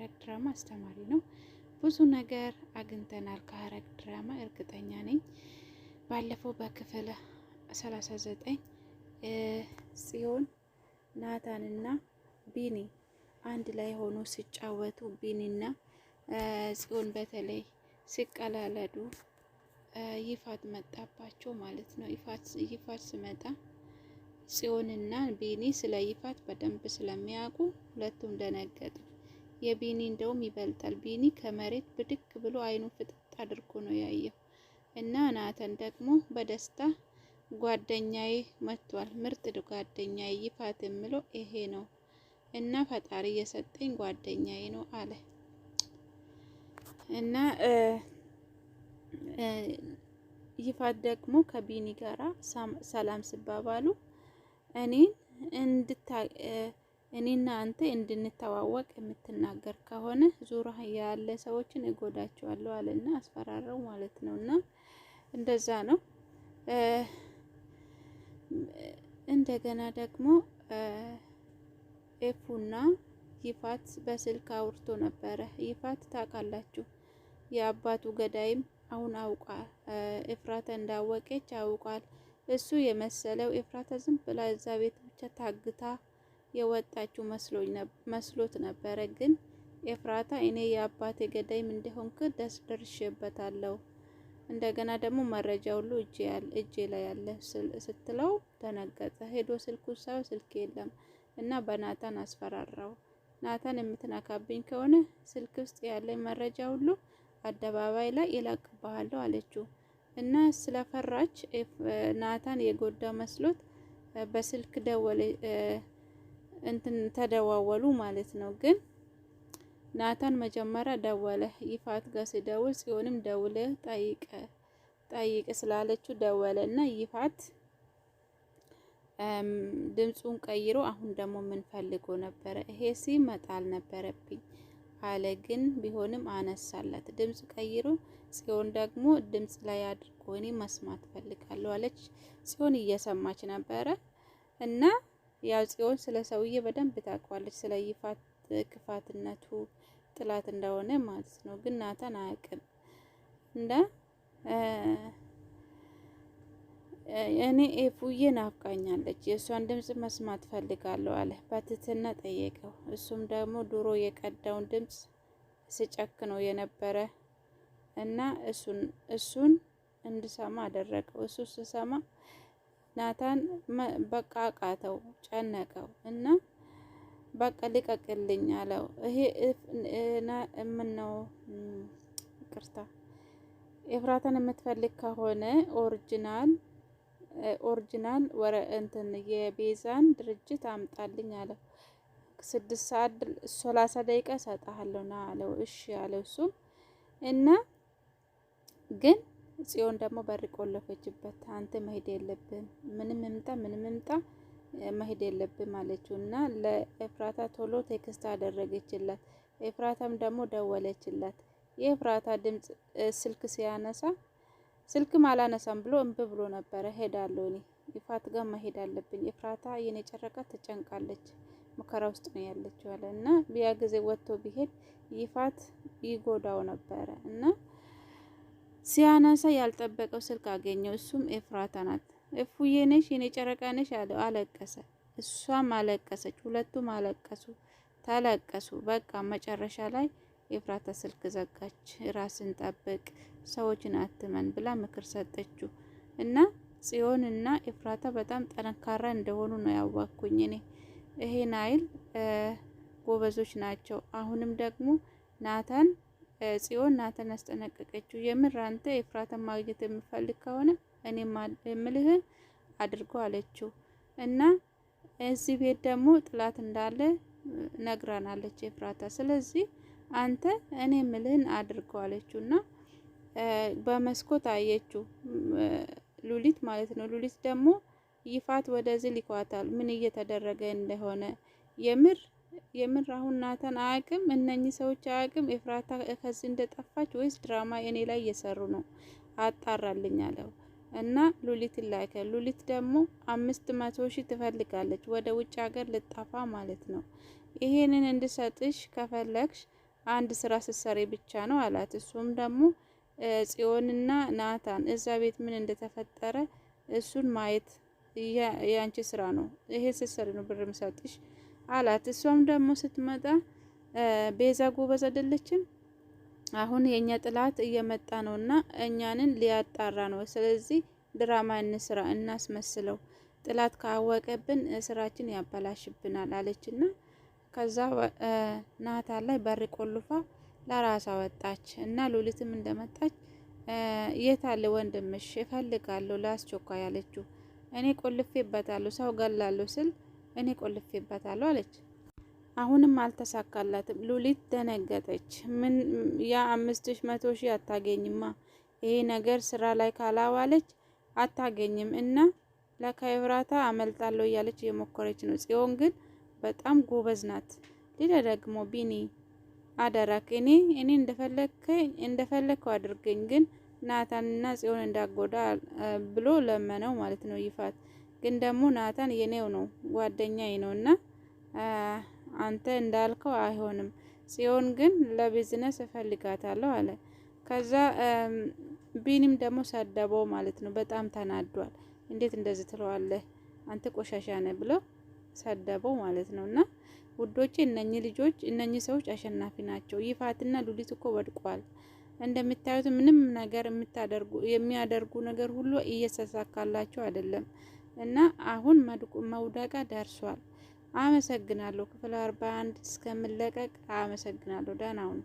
ሀረግ ድራማ አስተማሪ ነው። ብዙ ነገር አግኝተናል ከሀረግ ድራማ እርግጠኛ ነኝ። ባለፈው በክፍል 39 ጽዮን ናታንና ቢኒ አንድ ላይ ሆኖ ሲጫወቱ ቢኒና ጽዮን በተለይ ሲቀላለዱ ይፋት መጣባቸው ማለት ነው። ይፋት ስመጣ ጽዮንና ቢኒ ስለ ይፋት በደንብ ስለሚያውቁ ሁለቱም ደነገጡ። የቢኒ እንደውም ይበልጣል። ቢኒ ከመሬት ብድግ ብሎ አይኑ ፍጥጥ አድርጎ ነው ያየው እና ናተን ደግሞ በደስታ ጓደኛዬ መጥቷል፣ ምርጥ ጓደኛዬ ይፋት የምለው ይሄ ነው እና ፈጣሪ የሰጠኝ ጓደኛዬ ነው አለ እና ይፋት ደግሞ ከቢኒ ጋራ ሰላም ሲባባሉ እኔን እንድታ እኔና አንተ እንድንተዋወቅ የምትናገር ከሆነ ዙራ ያለ ሰዎችን እጎዳቸዋለሁ አለና አስፈራረው ማለት ነው። እና እንደዛ ነው። እንደገና ደግሞ ኤፉና ይፋት በስልክ አውርቶ ነበረ። ይፋት ታውቃላችሁ፣ የአባቱ ገዳይም አሁን አውቋል። እፍራተ እንዳወቀች አውቋል። እሱ የመሰለው ኤፍራታ ዝም ብላ እዛ ቤት ብቻ ታግታ የወጣችው መስሎት ነበረ። ግን ኤፍራታ እኔ የአባቴ ገዳይም እንደሆንክ ደስ ደርሼበታለሁ፣ እንደገና ደግሞ መረጃ ሁሉ እጄ ላይ ያለ ስትለው ደነገጠ። ሄዶ ስልኩ ሳው ስልክ የለም እና በናታን አስፈራራው። ናታን የምትነካብኝ ከሆነ ስልክ ውስጥ ያለኝ መረጃ ሁሉ አደባባይ ላይ ይለቅብሃለሁ አለችው እና ስለፈራች ናታን የጎዳ መስሎት በስልክ ደወለ። እንትን ተደዋወሉ ማለት ነው። ግን ናታን መጀመሪያ ደወለ ይፋት ጋር ሲደውል ሲሆንም ደውለ ጠይቀ ጠይቅ ስላለችው ደወለ እና ይፋት ድምፁን ቀይሮ አሁን ደግሞ ምን ፈልጎ ነበረ? ይሄ መጣል ነበረብኝ አለ። ግን ቢሆንም አነሳላት ድምፅ ቀይሮ። ጽዮን ደግሞ ድምፅ ላይ አድርጎ እኔ መስማት ፈልጋለሁ አለች። ጽዮን እየሰማች ነበረ እና ያው ጽዮን ስለ ሰውዬ በደንብ ታውቋለች። ስለ ይፋት ክፋትነቱ ጥላት እንደሆነ ማለት ነው። ግን ናታን አያውቅም እንደ እኔ ኤፉዬ ናፍቃኛለች የእሷን ድምፅ መስማት ፈልጋለሁ አለ በትትና ጠየቀው። እሱም ደግሞ ድሮ የቀዳውን ድምፅ ስጨክ ነው የነበረ እና እሱን እሱን እንድሰማ አደረገው። እሱ ስሰማ ናታን በቃ አቃተው፣ ጨነቀው እና በቃ ልቀቅልኝ አለው። ይሄ እና ምነው ቅርታ ኤፍራታን የምትፈልግ ከሆነ ኦሪጂናል ኦሪጂናል ወረ እንትን የቤዛን ድርጅት አምጣልኝ አለው። ስድስት ሰዓት ሰላሳ ደቂቃ ሰጠሃለሁ ና አለው። እሺ አለው እሱም እና ግን ጽዮን ደግሞ በር ቆለፈችበት። አንተ መሄድ የለብም ምንም እምጣ ምንም እምጣ መሄድ የለብም አለችው እና ለኤፍራታ ቶሎ ቴክስት አደረገችላት። ኤፍራታም ደግሞ ደወለችላት። የኤፍራታ ድምፅ ስልክ ሲያነሳ ስልክም አላነሳም ብሎ እምብ ብሎ ነበረ። ሄዳለሁ እኔ ይፋት ጋር መሄድ አለብኝ። ኤፍራታ የኔ ጨረቃ ትጨንቃለች፣ ሙከራ ውስጥ ነው ያለችው አለ እና ያ ጊዜ ወጥቶ ቢሄድ ይፋት ይጎዳው ነበረ እና ሲያነሳ ያልጠበቀው ስልክ አገኘው። እሱም ኤፍራታ ናት። እፉዬ ነሽ የኔ ጨረቃ ነሽ አለው። አለቀሰ። እሷም አለቀሰች። ሁለቱም አለቀሱ፣ ተለቀሱ። በቃ መጨረሻ ላይ ኤፍራታ ስልክ ዘጋች። ራስን ጠብቅ፣ ሰዎችን አትመን ብላ ምክር ሰጠችው እና ጽዮን እና ኤፍራታ በጣም ጠንካራ እንደሆኑ ነው ያዋኩኝ እኔ ይሄን አይል ጎበዞች ናቸው። አሁንም ደግሞ ናታን ጽዮን ናታን አስጠነቀቀችው። የምር አንተ ኤፍራታን ማግኘት የምፈልግ ከሆነ እኔ የምልህን አድርጎ አለችው። እና እዚህ ቤት ደግሞ ጥላት እንዳለ ነግራናለች ኤፍራታ። ስለዚህ አንተ እኔ የምልህን አድርጎ አለችው እና በመስኮት አየችው ሉሊት ማለት ነው። ሉሊት ደግሞ ይፋት ወደዚህ ሊኳታል ምን እየተደረገ እንደሆነ የምር የምር አሁን ናታን አቅም እነኚህ ሰዎች አያውቅም። ኤፍራታ ከዚህ እንደጠፋች ወይስ ድራማ እኔ ላይ እየሰሩ ነው? አጣራልኝ አለው እና ሉሊት ላከ። ሉሊት ደግሞ አምስት መቶ ሺ ትፈልጋለች ወደ ውጭ ሀገር ልጣፋ ማለት ነው። ይሄንን እንድሰጥሽ ከፈለግሽ አንድ ስራ ስሰሪ ብቻ ነው አላት። እሱም ደግሞ ጽዮንና ናታን እዛ ቤት ምን እንደተፈጠረ እሱን ማየት የአንቺ ስራ ነው። ይሄ ስሰሪ ነው ብር ምሰጥሽ አላት። እሷም ደግሞ ስትመጣ ቤዛ ጎበዝ አይደለችም፣ አሁን የእኛ ጥላት እየመጣ ነው እና እኛንን ሊያጣራ ነው። ስለዚህ ድራማ እንስራ፣ እናስመስለው። ጥላት ካወቀብን ስራችን ያበላሽብናል አለችና ከዛ ናታ ላይ በር ቆልፋ ለራሷ ወጣች እና ሉሊትም እንደመጣች የት አለ ወንድምሽ? እፈልጋለሁ ላስቸኳይ ያለችው እኔ ቆልፌበታለሁ ሰው ገላለሁ ስል እኔ ቆልፌበታለሁ አለች። አሁንም አልተሳካላትም። ሉሊት ደነገጠች። ምን ያ አምስት መቶ ሺህ አታገኝማ ይሄ ነገር ስራ ላይ ካላዋለች አታገኝም እና ለካይብራታ አመልጣለሁ እያለች እየሞከረች ነው። ጽዮን ግን በጣም ጎበዝ ናት። ሌላ ደግሞ ቢኒ አደራክ እኔ እኔ እንደፈለግከው አድርገኝ፣ ግን ናታንና ጽዮን እንዳጎዳ ብሎ ለመነው ማለት ነው ይፋት ግን ደግሞ ናታን የኔው ነው ጓደኛዬ ነው እና አንተ እንዳልከው አይሆንም። ጽዮን ግን ለቢዝነስ እፈልጋታለሁ አለ። ከዛ ቢኒም ደግሞ ሰደበው ማለት ነው። በጣም ተናዷል። እንዴት እንደዚህ ትለዋለህ አንተ ቆሻሻ ነህ ብሎ ሰደበው ማለት ነው። እና ውዶቼ እነኚህ ልጆች እነኚህ ሰዎች አሸናፊ ናቸው። ይፋትና ሉሊት እኮ ወድቋል። እንደምታዩት ምንም ነገር የሚያደርጉ ነገር ሁሉ እየተሳካላቸው አይደለም። እና አሁን መውደቃ ደርሷል። አመሰግናለሁ። ክፍል አርባ አንድ እስከምለቀቅ አመሰግናለሁ። ደህና ሁኑ።